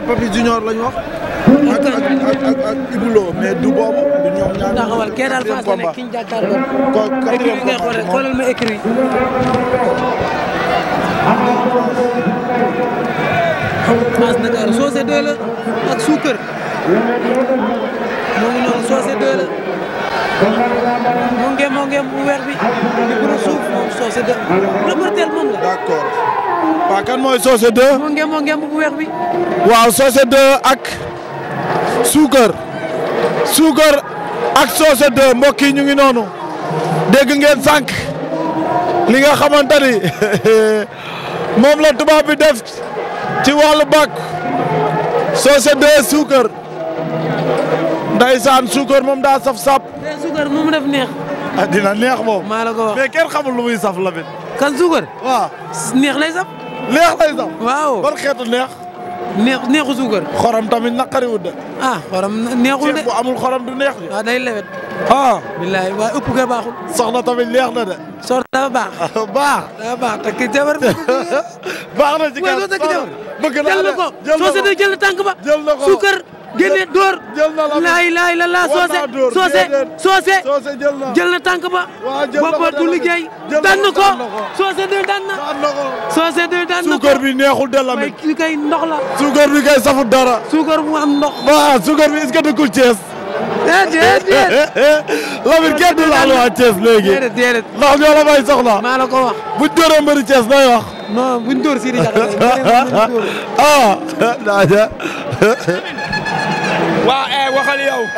combat Papis lañ wax. ak ak ak ak Ibou Lo mais du boobu du ñoom ñaar. taxawal kee daal fas yéene ki ñu jàkkaarloo. koo quatrième combat xoolal ma écrit. Fass Dakar Socé 2 la ak Suukar moo ngi noonu Socé 2 la moo ngeem moo ngeem bu weer bi di gën a suuf moom Socé 2 la. reportel moom la waaw kan mooy Socé 2. moo ngeen moo ngeen ak suukar suukar ak Socé 2 mbokk ñu ngi noonu dégg ngeen sànq li nga xamante ni moom la tubaab bi def ci wàllu bàq Socé 2 suukar ndeysaan suukar moom daa saf sap. mais eh, suukar moom def neex. ah dina neex moom. maa la ko wax mais xamul lu muy saf la bi. neex lay sax. waaw ban xeetu neex. neex neexu suukar. xorom tamit naqariwul de. ah xorom neexul de bu amul xorom du neex de. waaw ah, day lewet. ah. billahi waaye ëpp ga baaxul. soxna tamit neex na de. soxna dafa baax. Ah, baax dafa baax takk jabar. baax na ci kan bëgg naa la jël na ko jël na ko soo seetee jël na tànk ba. jël na ko suukar. génne dóor laay laay la laa soose soose soose jël na tànk ba boppa du liggéey daan na ko soose deux daan na soose deux daan na ko bi neexul de la mi kay ndox la suukar bi kay safut dara suukar bu am ndox waaw suukar bi est-ce que dëkkul Thiès eh, déedéet déedéet Lamine kenn du laal waa Thiès léegi ndax ñoo la may soxla maa wax buñ dóoree mbëri Thiès lay wax non waa eh, waxal yow.